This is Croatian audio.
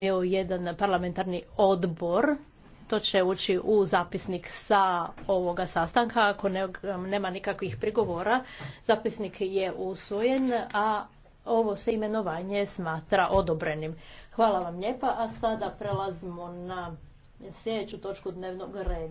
bio jedan parlamentarni odbor. To će ući u zapisnik sa ovoga sastanka. Ako nema nikakvih prigovora, zapisnik je usvojen, a ovo se imenovanje smatra odobrenim. Hvala vam lijepa, a sada prelazimo na sljedeću točku dnevnog reda.